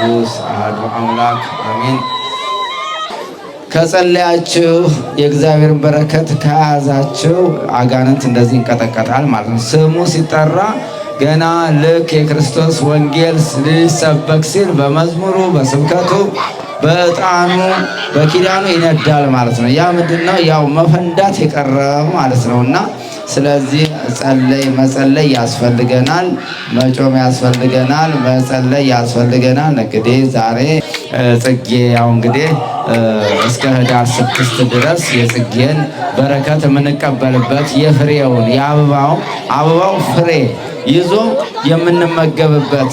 ቅዱስ አሐዱ አምላክ አሜን። ከጸለያችሁ የእግዚአብሔርን በረከት ከያዛችሁ አጋንንት እንደዚህ ይንቀጠቀጣል ማለት ነው። ስሙ ሲጠራ ገና ልክ የክርስቶስ ወንጌል ሊሰበክ ሲል በመዝሙሩ፣ በስብከቱ፣ በእጣኑ በኪዳኑ ይነዳል ማለት ነው። ያ ምንድን ነው? ያው መፈንዳት የቀረው ማለት ነው እና ስለዚህ ጸለይ መጸለይ ያስፈልገናል፣ መጮም ያስፈልገናል፣ መጸለይ ያስፈልገናል። እንግዲህ ዛሬ ጽጌ ያው እንግዲህ እስከ ህዳር ስድስት ድረስ የጽጌን በረከት የምንቀበልበት የፍሬውን የአበባው አበባው ፍሬ ይዞ የምንመገብበት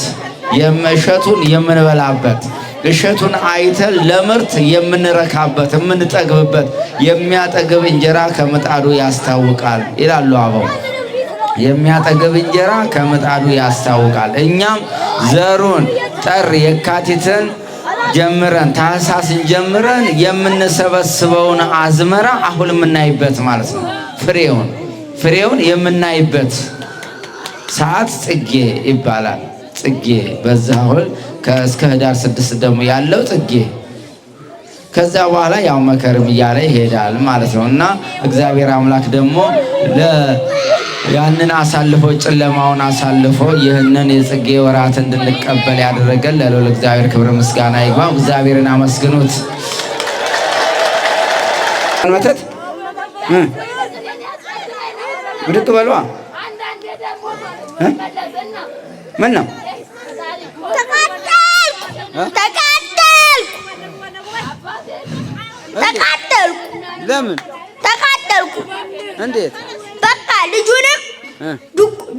የመሸቱን የምንበላበት እሸቱን አይተን ለምርት የምንረካበት የምንጠግብበት የሚያጠግብ እንጀራ ከምጣዱ ያስታውቃል ይላሉ አበው። የሚያጠግብ እንጀራ ከምጣዱ ያስታውቃል። እኛም ዘሩን ጥር የካቲትን ጀምረን ታህሳስን ጀምረን የምንሰበስበውን አዝመራ አሁን የምናይበት ማለት ነው። ፍሬውን ፍሬውን የምናይበት ሰዓት ጽጌ ይባላል። ጽጌ በዛ አሁን እስከ ህዳር ስድስት ደግሞ ያለው ጽጌ ከዛ በኋላ ያው መከርም እያለ ይሄዳል ማለት ነው እና እግዚአብሔር አምላክ ደግሞ ያንን አሳልፎ ጨለማውን አሳልፎ ይህንን የጽጌ ወራት እንድንቀበል ያደረገን ለልዑል እግዚአብሔር ክብር ምስጋና ይግባ እግዚአብሔርን አመስግኑት። መተት ብድቅ በሏ ምን ነው ተቃጠልኩ ተቃጠልኩ። ለምን ተቃጠልኩ? እንዴት? በቃ ልጁንም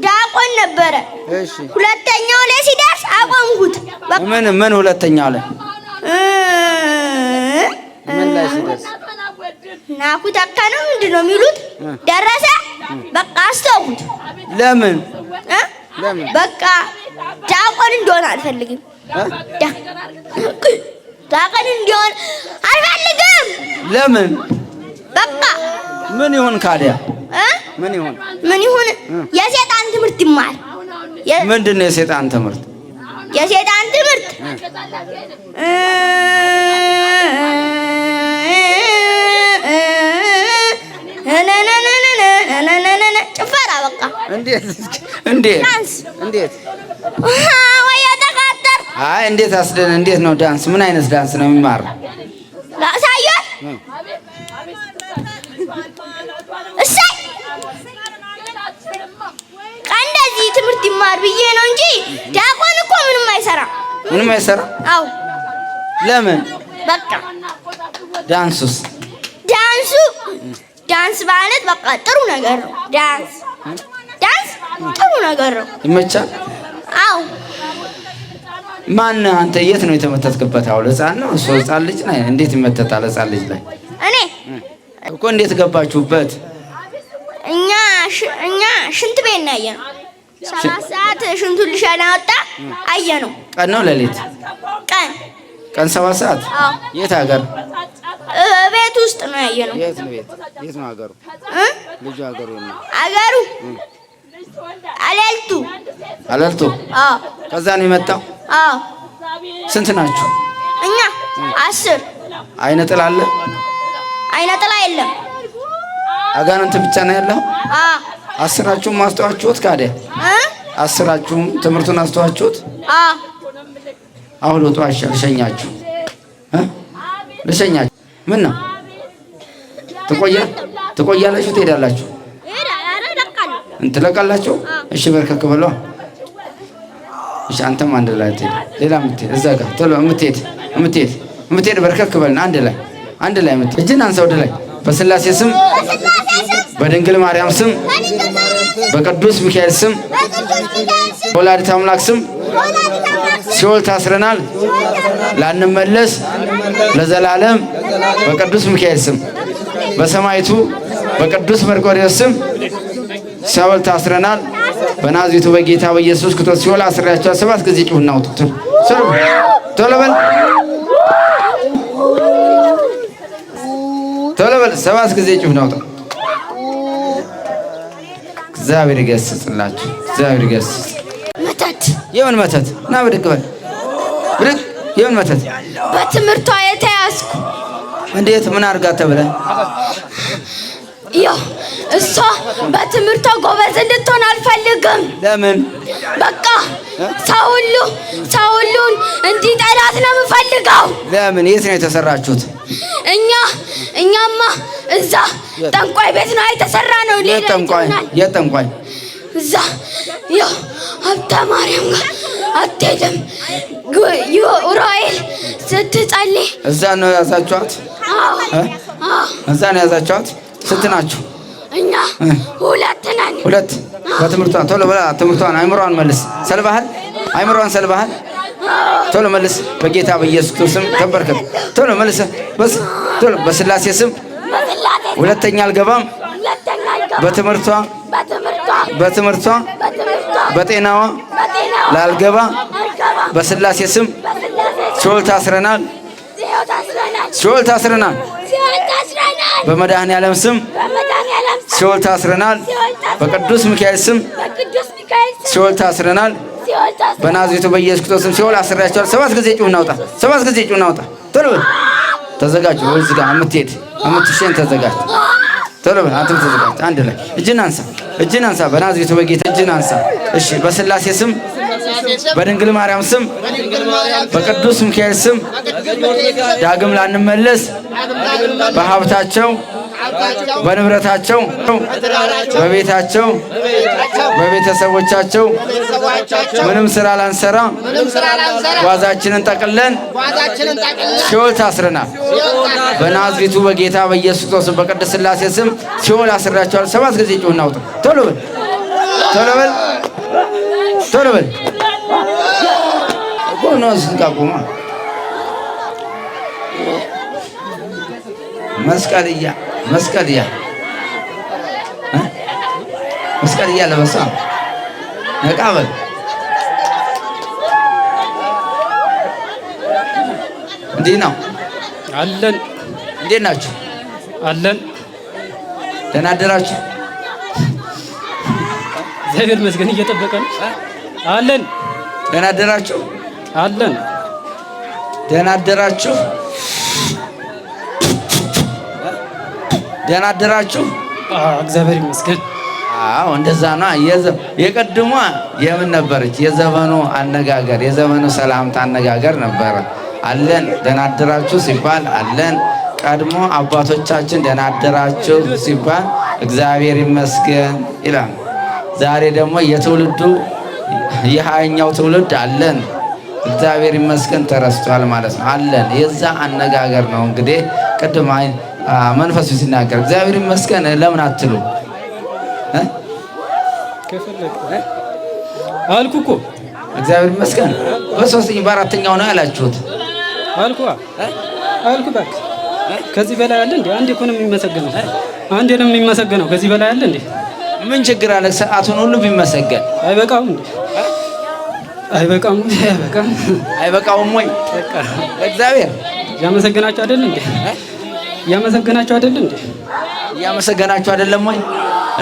ዳቆን ነበረ። እሺ፣ ሁለተኛው ላይ ሲደርስ አቆምኩት። ምን ምን ሁለተኛው ላይ ምን ላይ ናኩ ተካ ምንድን ነው የሚሉት? ደረሰ። በቃ አስተውኩት። ለምን ለምን? በቃ ዳቆን እንደሆነ አልፈልግም። ዳቀን እንዲሆን አልፈልግም። ለምን? በቃ ምን ይሁን ካዲያ ምን ይሁን ምን ይሁን? የሴጣን ትምህርት ይማር። ምንድን ነው የሴጣን ትምህርት? የሴጣን ትምህርት ጭፈራ በቃ እንዴት እንዴት እንዴት አይ እንዴት አስደን እንዴት ነው ዳንስ? ምን አይነት ዳንስ ነው የሚማረው? እሰይ ትምህርት ይማር ብዬ ነው እንጂ ዲያቆን እኮ ምንም አይሰራ፣ ምንም አይሰራ። አዎ ለምን? በቃ ዳንሱስ ዳንሱ ዳንስ ማለት በቃ ጥሩ ነገር ነው። ዳንስ ዳንስ ጥሩ ነገር ነው። ይመቻል። አው ማን አንተ የት ነው የተመተትክበት? አሁን ህፃን ነው እሱ ህፃን ልጅ ነው። እንዴት ይመተታል ህፃን ልጅ ላይ? እኔ እኮ እንዴት ገባችሁበት? እኛ እኛ ሽንት ቤት ነው ያየነው። ሰባት ሰዓት ሽንቱን ልሸና ወጣ ነው። ቀን ነው ሌሊት? ቀን ቀን ሰባት ሰዓት የት ሀገር? ቤት ውስጥ ነው ያየነው። የት ነው ቤት? የት ነው ሀገሩ? ልጁ ሀገሩ ነው ሀገሩ አለልቱ አለልቱ። ከዛ ነው የመጣው። ስንት ናችሁ? እኛ አስር። አይነ ጥላ አለ? አይነ ጥላ የለም። አጋንንት ብቻ ነው ያለው። አስራችሁም አስተዋችሁት? ካዲያ አስራችሁም ትምህርቱን አስተዋችሁት? አሁን ወጡ። አሻ ልሸኛችሁ፣ ልሸኛችሁ። ምን ነው ትቆያ ትቆያላችሁ? ትሄዳላችሁ እንትለቃላቸው እሺ፣ በርከክ ብለው እሺ። አንተም አንድ ላይ ትሄድ፣ ሌላ ምትሄድ፣ እዛ ጋር ቶሎ ምትሄድ፣ ምትሄድ፣ ምትሄድ፣ በርከክ በልን። አንድ ላይ አንድ ላይ ምትሄድ፣ እጅን አንሳ ወደ ላይ። በስላሴ ስም፣ በድንግል ማርያም ስም፣ በቅዱስ ሚካኤል ስም፣ በወላዲተ አምላክ ስም ሲኦል ታስረናል፣ ላንመለስ ለዘላለም በቅዱስ ሚካኤል ስም፣ በሰማይቱ በቅዱስ መርቆሬዎስ ስም ሰብል ታስረናል። በናዝሬቱ በጌታ በኢየሱስ ክርስቶስ ሲወል አስሬያቸዋል። ሰባት ጊዜ ጩሁና አውጡት። ቶሎ በል ቶሎ ሰባት ጊዜ ጩሁና አውጣ። እግዚአብሔር ይገስጽላችሁ። እግዚአብሔር ይገስጽ። መተት የምን መተት? ና ብድቅ በል ብድቅ። የምን መተት? በትምህርቷ የተያዝኩ እንዴት ምን አድርጋ ተብለ እሷ በትምህርቷ ጎበዝ እንድትሆን አልፈልግም። ለምን? በቃ ሰው ሁሉ ሰው ሁሉን እንዲጠላት ነው የምፈልገው። ለምን? የት ነው የተሰራችሁት? እኛ እኛማ እዛ ጠንቋይ ቤት ነው የተሰራ ነው። ሌላ ጠንቋይ? የት ጠንቋይ? እዛ ያው ሀብተ ማርያም ጋር አትሄድም። ኡራኤል ስትጸልይ እዛ ነው ያዛችኋት? እዛ ነው ያዛችኋት? ስንት ናችሁ? እኛ ሁለት ነን። ሁለት በትምህርቷን ቶሎ በላ። ትምህርቷን አይምሯን መልስ። ሰልባሃል። አይምሯን ሰልባሃል። ቶሎ መልስ። በጌታ በኢየሱስ ክርስቶስ ስም ተንበርከክ። ቶሎ መልስ። በስ ቶሎ በስላሴ ስም ሁለተኛ አልገባም። በትምህርቷ በትምህርቷ በጤናዋ ላልገባ በስላሴ ስም ሲኦል ታስረናል። ሲኦል ታስረናል። በመድኃኔዓለም ስም ሲኦል ታስረናል። በቅዱስ ሚካኤል ስም ሲኦል ታስረናል። በናዝሬቱ በኢየሱስ ክርስቶስ ስም ሲኦል አስሬያቸዋል። ሰባት ጊዜ ጩህ እናውጣ። ሰባት ጊዜ ጩህ እናውጣ። ቶሎ በል ተዘጋጁ። ወደዚህ ጋር የምትሄድ የምትሸን ተዘጋጅ። ቶሎ በል አንተም ተዘጋጅ። አንድ ላይ እጅን አንሳ፣ እጅን አንሳ። በናዝሬቱ በጌታ እጅን አንሳ። እሺ፣ በስላሴ ስም በድንግል ማርያም ስም በቅዱስ ሚካኤል ስም ዳግም ላንመለስ በሀብታቸው በንብረታቸው በቤታቸው በቤተሰቦቻቸው ምንም ስራ ላንሰራ ጓዛችንን ጠቅለን ሲኦል ታስረናል። በናዝሪቱ በጌታ በኢየሱስ ክርስቶስ በቅድስት ሥላሴ ስም ሲኦል አስረዳቸዋል። ሰባት ጊዜ ጩኸን አውጡ። ቶሎ በል ቶሎ በል ቶሎ በል እኮ ነው ስንቃቁማ መስቀልያ መስቀልያ መስቀልያ ለበሳ ነቃ በል እንዴት ነው አለን? እንዴት ናችሁ አለን? ደህና አደራችሁ። እግዚአብሔር ይመስገን እየጠበቀ ነው። አለን። ደህና አደራችሁ? አለን። ደህና አደራችሁ? ደህና አደራችሁ? እግዚአብሔር ይመስገን። አዎ እንደዛ ነው። የቀድሟ የምን ነበረች? የዘመኑ አነጋገር የዘመኑ ሰላምታ አነጋገር ነበረ። አለን ደህና አደራችሁ ሲባል አለን። ቀድሞ አባቶቻችን ደህና አደራችሁ ሲባል እግዚአብሔር ይመስገን ይላል። ዛሬ ደግሞ የትውልዱ የሀያኛው ትውልድ አለን። እግዚአብሔር ይመስገን ተረስቷል ማለት ነው። አለን የዛ አነጋገር ነው እንግዲህ ቅድም መንፈሱ ሲናገር እግዚአብሔር ይመስገን ለምን አትሉ አልኩ እኮ እግዚአብሔር ይመስገን በሶስተኛ በአራተኛው ነው ያላችሁት አልኩ አልኩ በቃ ከዚህ በላይ አለ እንዴ? አንዴ እኮ ነው የሚመሰገነው። አንዴ ነው የሚመሰገነው። ከዚህ በላይ አለ እንዴ? ምን ችግር አለ? ሰዓቱን ሁሉ ቢመሰገን አይበቃም እንዴ? አይበቃም አይበቃም አይበቃውም ወይ? እግዚአብሔር ያመሰገናችሁ አይደል እንዴ? ያመሰገናችሁ አይደል እንዴ? ያመሰገናችሁ አይደለም ወይ?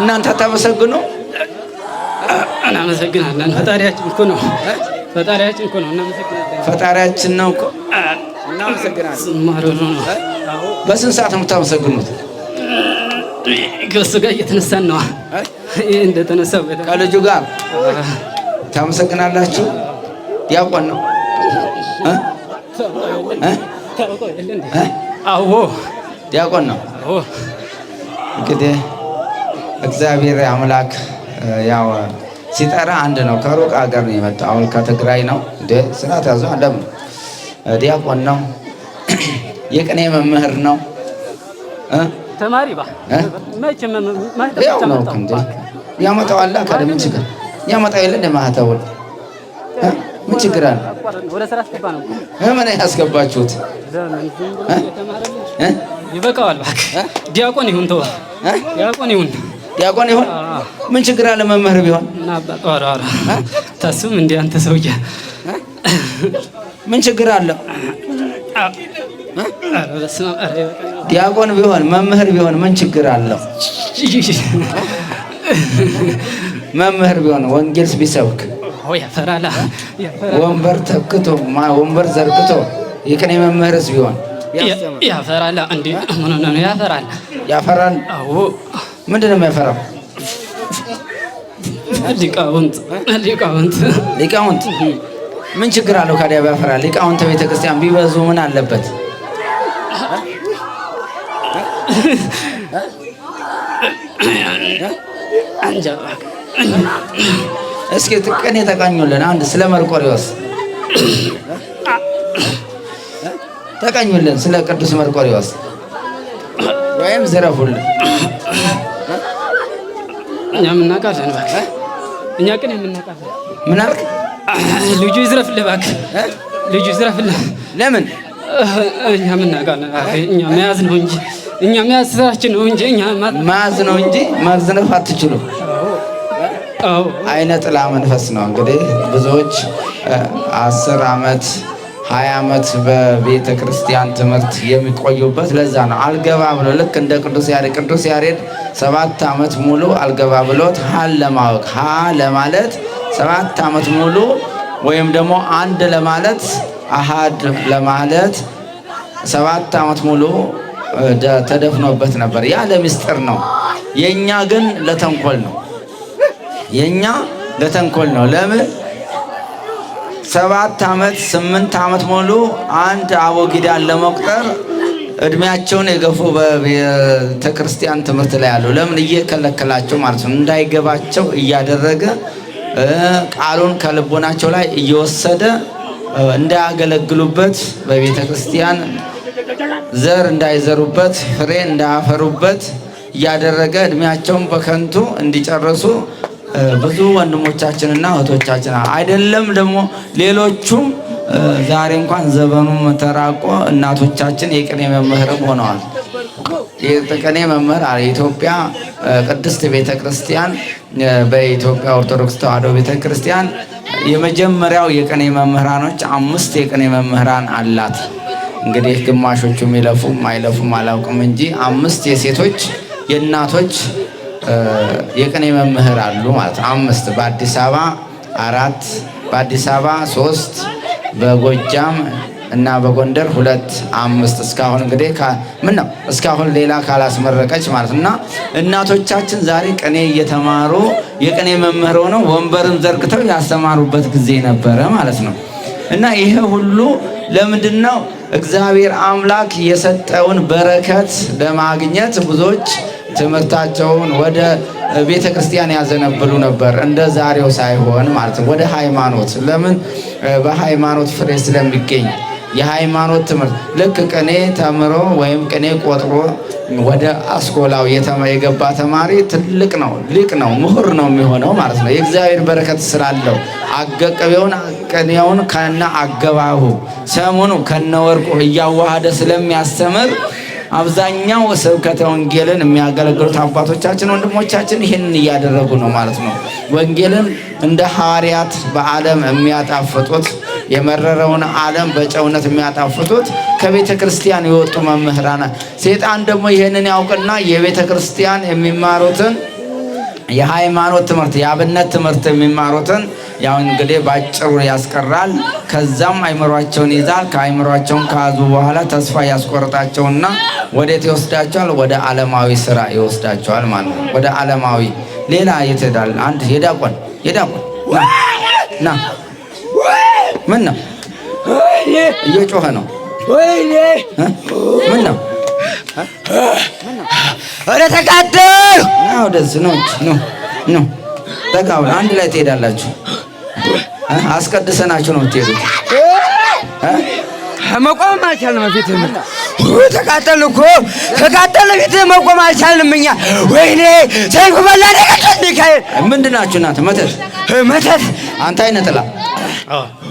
እናንተ አታመሰግኑ? እናመሰግናለን። ፈጣሪያችን እኮ ነው። ፈጣሪያችን እኮ ነው። እናመሰግናለን። ፈጣሪያችን ነው እኮ እናመሰግናለን። በስንት ሰዓት ነው የምታመሰግኑት? ከእሱ ጋር እየተነሳን ነዋ። እንደተነሳ ከልጁ ጋር ታመሰግናላችሁ። ዲያቆን ነው። አዎ ዲያቆን ነው። እንግዲህ እግዚአብሔር አምላክ ያው ሲጠራ አንድ ነው። ከሩቅ ሀገር ነው የመጣው። አሁን ከትግራይ ነው አለም ዲያቆን ነው። የቅኔ መምህር ነው። ተማሪ ባ መቼም ያው ነው እንዴ ያመጣዋል። አካል ምን ችግር ያመጣ የለ ለማህተውል ምን ችግር አለ? ወደ ስራ አስገባ ነው ምን ያስገባችሁት? ይበቃዋል። እባክህ ዲያቆን ይሁን ተው፣ ዲያቆን ይሁን፣ ዲያቆን ይሁን። ምን ችግር አለ? መምህር ቢሆን ታስብም እንደ አንተ ሰውዬ ምን ችግር አለ? ዲያቆን ቢሆን መምህር ቢሆን ምን ችግር አለው? መምህር ቢሆን ወንጌልስ ቢሰብክ ወንበር ተክቶ ወንበር ዘርግቶ የቅኔ መምህርስ ቢሆን ያፈራላ። እንዲ ምን ያፈራል? ያፈራል። ምንድን ነው የሚያፈራው? ሊቃውንት ሊቃውንት ምን ችግር አለው ካዲያ ቢያፈራ? ሊቃውንት ቤተክርስቲያን ቢበዙ ምን አለበት? እስኪ ጥቀን የተቃኙልን አንድ ስለ መርቆሪዎስ ተቀኙልን፣ ስለ ቅዱስ መርቆሪዎስ ወይም ዝረፉልን። እኛ የምናውቃለን እባክህ፣ እኛ ግን የምናውቃለን። ምን አልክ? ልጁ ይዝረፍልህ እባክህ፣ ልጁ ይዝረፍልህ። ለምን እኛ ምናውቃለን። እኛ መያዝ ነው እንጂ እኛ መያዝ ስራችን ነው እንጂ እኛ መያዝ ነው እንጂ መዝነፍ አትችሉ። አይነ ጥላ መንፈስ ነው እንግዲህ ብዙዎች አስር አመት ሀያ አመት በቤተ ክርስቲያን ትምህርት የሚቆዩበት ለዛ ነው። አልገባ ብሎ ልክ እንደ ቅዱስ ያሬድ ቅዱስ ያሬድ ሰባት አመት ሙሉ አልገባ ብሎት ሀን ለማወቅ ሀ ለማለት ሰባት አመት ሙሉ ወይም ደግሞ አንድ ለማለት አሃድ ለማለት ሰባት ዓመት ሙሉ ተደፍኖበት ነበር። ያ ለምስጢር ነው። የኛ ግን ለተንኮል ነው። የኛ ለተንኮል ነው። ለምን ሰባት ዓመት ስምንት ዓመት ሙሉ አንድ አቦጊዳን ለመቁጠር እድሜያቸውን የገፉ በቤተ ክርስቲያን ትምህርት ላይ ያሉ ለምን እየከለከላቸው ማለት ነው፣ እንዳይገባቸው እያደረገ ቃሉን ከልቦናቸው ላይ እየወሰደ እንዳያገለግሉበት በቤተ ክርስቲያን ዘር እንዳይዘሩበት ፍሬ እንዳያፈሩበት እያደረገ እድሜያቸውን በከንቱ እንዲጨርሱ ብዙ ወንድሞቻችንና እህቶቻችን አይደለም ደግሞ ሌሎቹም ዛሬ እንኳን ዘመኑ ተራቆ እናቶቻችን የቅኔ መምህርም ሆነዋል። የቅኔ መምህር የኢትዮጵያ ቅድስት ቤተ ክርስቲያን በኢትዮጵያ ኦርቶዶክስ ተዋሕዶ ቤተ ክርስቲያን የመጀመሪያው የቅኔ መምህራኖች አምስት የቅኔ መምህራን አላት። እንግዲህ ግማሾቹ ይለፉም አይለፉም አላውቅም እንጂ አምስት የሴቶች የእናቶች የቅኔ መምህር አሉ ማለት አምስት በአዲስ አበባ አራት በአዲስ አበባ ሶስት በጎጃም እና በጎንደር ሁለት አምስት እስካሁን እንግዲህ ምን ነው እስካሁን ሌላ ካላስመረቀች ማለት እና እናቶቻችን ዛሬ ቅኔ እየተማሩ የቅኔ መምህር ሆነው ወንበርም ዘርግተው ያስተማሩበት ጊዜ ነበረ ማለት ነው። እና ይሄ ሁሉ ለምንድን ነው? እግዚአብሔር አምላክ የሰጠውን በረከት ለማግኘት ብዙዎች ትምህርታቸውን ወደ ቤተ ክርስቲያን ያዘነብሉ ነበር። እንደ ዛሬው ሳይሆን ማለት ነው ወደ ሃይማኖት። ለምን? በሃይማኖት ፍሬ ስለሚገኝ የሃይማኖት ትምህርት ልክ ቅኔ ተምሮ ወይም ቅኔ ቆጥሮ ወደ አስኮላው የገባ ተማሪ ትልቅ ነው፣ ሊቅ ነው፣ ምሁር ነው የሚሆነው ማለት ነው። የእግዚአብሔር በረከት ስላለው አገቀቤውን ቅኔውን ከነ አገባቡ ሰሙኑ ከነ ወርቁ እያዋሃደ ስለሚያስተምር አብዛኛው ስብከተ ወንጌልን የሚያገለግሉት አባቶቻችን ወንድሞቻችን ይህንን እያደረጉ ነው ማለት ነው። ወንጌልን እንደ ሐዋርያት በዓለም የሚያጣፍጡት የመረረውን ዓለም በጨውነት የሚያጣፍጡት ከቤተ ክርስቲያን የወጡ መምህራን። ሴጣን ደግሞ ይህንን ያውቅና የቤተ ክርስቲያን የሚማሩትን የሃይማኖት ትምህርት የአብነት ትምህርት የሚማሩትን ያው እንግዲህ በአጭሩ ያስቀራል። ከዛም አይምሯቸውን ይዛል። ከአይምሯቸውን ከያዙ በኋላ ተስፋ ያስቆርጣቸውና ወዴት ይወስዳቸዋል? ወደ ዓለማዊ ስራ ይወስዳቸዋል ማለት ነው። ወደ ዓለማዊ ሌላ የት ሄዳል? አንድ የዳቆን የዳቆን ና ምን ነው እየጮኸ ነው? ምን ነው ወደ ተቃደሉ ወደዚህ ነው ነው። ተቃውሎ አንድ ላይ ትሄዳላችሁ። አስቀድሰናችሁ ነው የምትሄዱት። መቆም አልቻልንም። ፊትህ ተቃጠልን እኮ ተቃጠልን። ፊትህ መቆም አልቻልንም እኛ። ወይኔ ሰይፉ በላን። ሚካኤል ምንድን ናችሁ እናንተ? መተት መተት። አንተ አይነ ጥላ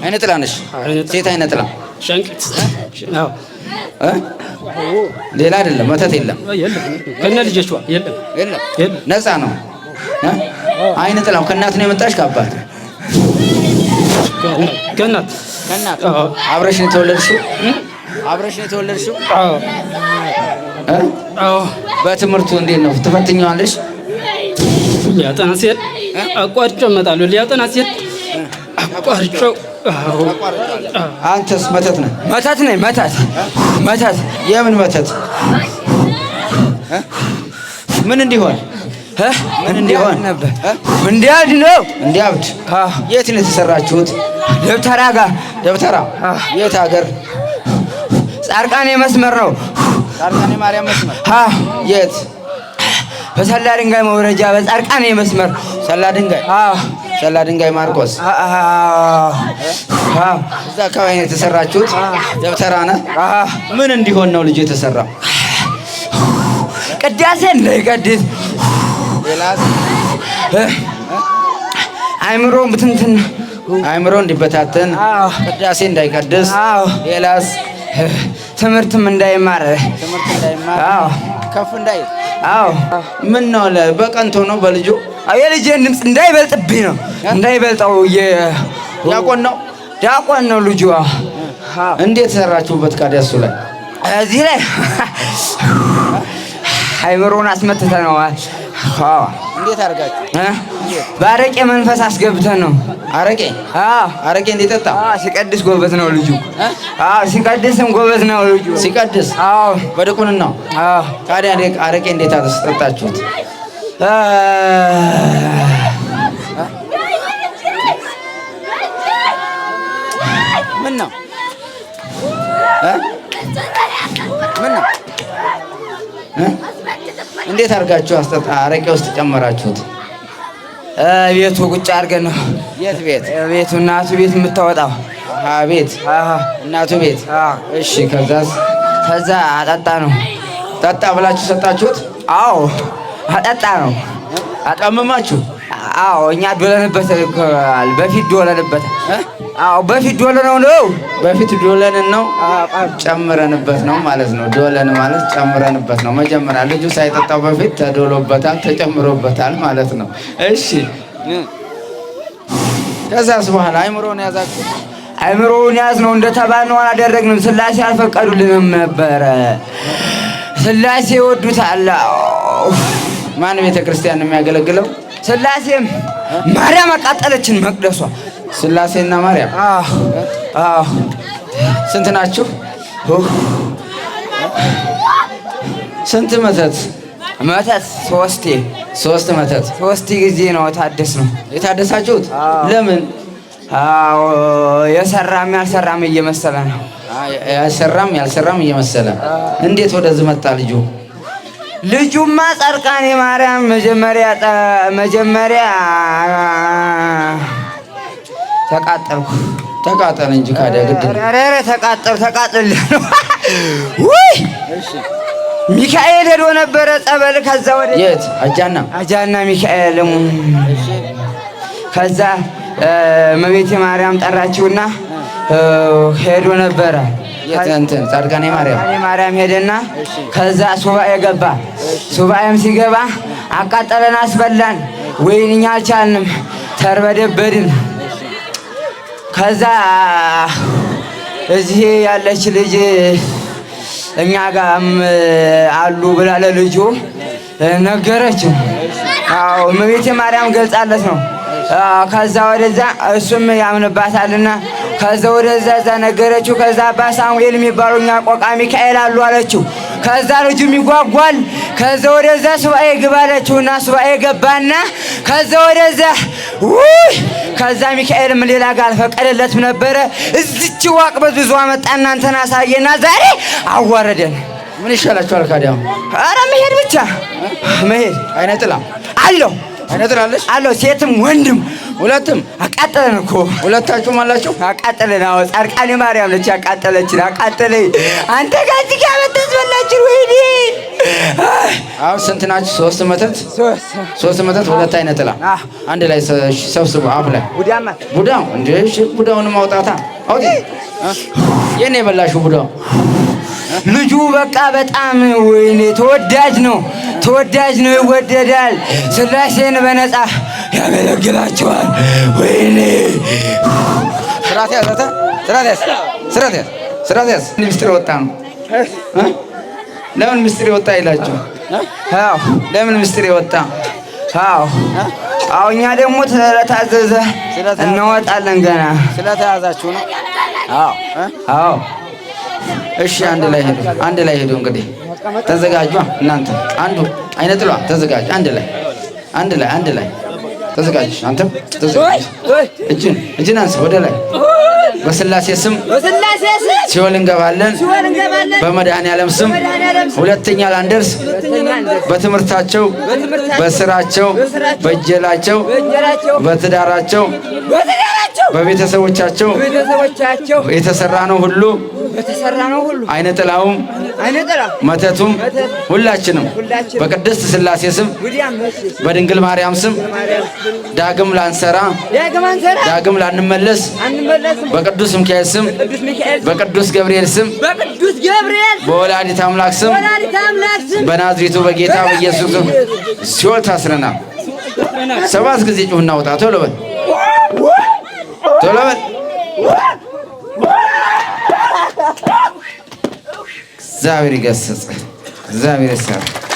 አይነ ጥላ ነሽ። ሴት አይነ ጥላ ሸንቅት ሌላ አይደለም፣ መተት የለም። ከነ ልጆቿ የለም፣ የለም፣ ነፃ ነው። አይን ጥላው ከእናት ነው የመጣሽ ከአባት ከእናት ከእናት አብረሽ ነው የተወለድሽው? አብረሽ ነው የተወለድሽው? አዎ፣ አዎ። በትምህርቱ እንዴት ነው ትፈትኛዋለሽ? ሊያጠና ሲሄድ አቋርጬው እመጣለሁ። ሊያጠና ሲሄድ አቋርጬው አንተስ መተት ነህ? መተት ነኝ። መተት መተት። የምን መተት? ምን እንዲሆን ምን እንዲሆን ነበር? እንዲያድ ነው። እንዲያብድ የት ነው የተሰራችሁት? ደብተራ ጋር ደብተራ። የት ሀገር? ጻርቃኔ መስመር ነው። ጻርቃኔ ማርያም መስመር። የት? በሰላ ድንጋይ መውረጃ በጻርቃኔ መስመር ሰላ ድንጋይ ሰላ ድንጋይ ማርቆስ እዛ አካባቢ ነው የተሰራችሁት። ደብተራ ነህ። ምን እንዲሆን ነው ልጅ የተሰራው? ቅዳሴ እንዳይቀድስ አይምሮ ብትንትን አይምሮ እንዲበታትን ቅዳሴ እንዳይቀድስ ሌላስ ትምህርትም እንዳይማር ከፍ እንዳይ ምን ነው በቀንቶ ነው በልጁ የልጅህን ድምፅ እንዳይበልጥብኝ ነው እንዳይበልጠው። ዲያቆን ነው ዲያቆን ነው ልጁ። እንዴት ሰራችሁበት ታዲያ? እሱ ላይ እዚህ ላይ አይምሮውን አስመትተ ነው። እንዴት አድርጋችሁ? በአረቄ መንፈስ አስገብተን ነው። አረቄ አረቄ እንዲጠጣ ሲቀድስ ጎበዝ ነው ልጁ። ሲቀድስም ጎበዝ ነው ልጁ። ሲቀድስ በድቁንና ታዲያ አረቄ እንዴት አስጠጣችሁት? ምነው ምነው እንዴት አድርጋችሁ አረቄ ውስጥ ጨመራችሁት? ቤቱ ቁጭ አድርገን ነው። የት ቤት? ቤቱ እናቱ ቤት የምታወጣው ቤት እናቱ ቤት። እሺ፣ ከዛ ከዛ አጠጣ ነው ጠጣ ብላችሁ ሰጣችሁት? አዎ አጠጣ ነው አጣመማችሁ? አዎ እኛ ዶለንበት፣ በፊት ዶለንበት። አዎ በፊት ዶለነው ነው በፊት ዶለንን ነው ጨምረንበት ነው ማለት ነው። ዶለን ማለት ጨምረንበት ነው። መጀመሪያ ልጁ ሳይጠጣው በፊት ተዶሎበታል፣ ተጨምሮበታል ማለት ነው። እሺ ከዛስ በኋላ አይምሮን ያዛችሁ አይምሮውን ያዝ ነው እንደተባልነው አላደረግንም። ስላሴ አልፈቀዱልንም ነበረ። ስላሴ ይወዱታል። ማን ቤተ ክርስቲያን ነው የሚያገለግለው? ስላሴም ማርያም አቃጠለችን መቅደሷ። ስላሴና ማርያም ስንት ናችሁ? ስንት መተት መተት ሶስቴ ሶስት መተት ሶስት ጊዜ ነው ታደስ ነው የታደሳችሁት። ለምን አዎ የሰራም ያልሰራም እየመሰለ ነው። ያልሰራም ያልሰራም እየመሰለ እንዴት ወደዚህ መጣ ልጁ? ልጁማ ጻድቃኔ ማርያም መጀመሪያ መጀመሪያ ተቃጠልኩ። ተቃጠል እንጂ ካዲያ ግድ ኧረ ተቃጠል ተቃጠል ውይ ሚካኤል ሄዶ ነበረ ጸበል። ከዛ ወደ የት አጃና አጃና ሚካኤል ከዛ መቤቴ ማርያም ጠራችውና ሄዶ ነበረ የጥንትን ጻድቃኔ ማርያም ማርያም ሄደና ከዛ ሱባኤ ገባ። ሱባኤም ሲገባ አቃጠለን፣ አስበላን፣ ወይን እኛ አልቻልንም፣ ተርበደበድን። ከዛ እዚህ ያለች ልጅ እኛ ጋም አሉ ብላ ለልጁ ነገረችው። አዎ እመቤቴ ማርያም ገልጻለት ነው። ከዛ ወደዛ እሱም ያምንባታልና ከዛ ወደዛ እዛ ነገረችው። ከዛ አባ ሳሙኤል የሚባሉ እኛ ቆቃ ሚካኤል አሉ አለችው። ከዛ ልጁም ይጓጓል። ከዛ ወደዛ ሱባኤ ግባ እና ሱባኤ ገባና ከዛ ወደዛ ውይ ከዛ ሚካኤል ምን ሌላ ጋር አልፈቀደለትም ነበረ። እዚች ዋቅበት ብዙ አመጣ እናንተን አሳየና ዛሬ አዋረደን። ምን ይሻላችኋል ካዲያ? ኧረ መሄድ ብቻ መሄድ አይነጥላም አለው አይነት ትላለች አለው። ሴትም ወንድም ሁለትም አቃጠለን እኮ ሁለታችሁም አላችሁ። አቃጠለን። አዎ ጻድቃኔ ማርያም ነች ያቃጠለችን። አቃጠለኝ አንተ ጋር እዚህ ጋር መተስ በላችን። ወይኔ አሁን ስንት ናችሁ? ሶስት መተት ሶስት መተት ሁለት አይነጥላ አንድ ላይ ሰብስቡ። አፍ ላይ ቡዳው እንደ ቡዳውን ማውጣታ አውጥ። የኔ የበላሹ ቡዳው ልጁ በቃ በጣም ወይኔ ተወዳጅ ነው። ተወዳጅ ነው፣ ይወደዳል። ሥላሴን በነፃ ያገለግላቸዋል። ወይኔ ስራት ያዘተ ስራት ያዝ ስራት ያዝ ወጣ ነው። ለምን ሚስጥር ወጣ ይላችሁ? አዎ ለምን ሚስጥር ወጣ? አዎ አዎ እኛ ደግሞ ስለታዘዘ እናወጣለን። ገና ስለተያዛችሁ ነው። አዎ አዎ። እሺ አንድ ላይ ሄዱ፣ አንድ ላይ ሄዱ እንግዲህ ተዘጋጁ። እናንተ አንዱ አይነት ሏ ተዘጋጅ። አንድ ላይ አንድ ላይ አንድ ላይ ተዘጋጅ። አንተም ተዘጋጅ። እጅን እጅን አንሳ ወደ ላይ በስላሴ ስም ሲወል እንገባለን። በመድኃኔዓለም ስም ሁለተኛ ላንደርስ በትምህርታቸው፣ በስራቸው፣ በእጀላቸው፣ በትዳራቸው፣ በቤተሰቦቻቸው የተሰራ ነው ሁሉ አይነ ጥላውም መተቱም ሁላችንም በቅድስት ስላሴ ስም በድንግል ማርያም ስም ዳግም ላንሰራ ዳግም ላንመለስ በቅዱስ ሚካኤል ስም በቅዱስ ገብርኤል ስም በወላዲት አምላክ ስም በናዝሬቱ በጌታ በኢየሱስ ስም ሲኦል ታስረና ሰባት ጊዜ ጩህና ውጣ። ቶሎ በል ቶሎ በል። እግዚአብሔር ይገስጽ። እግዚአብሔር ይሰራ።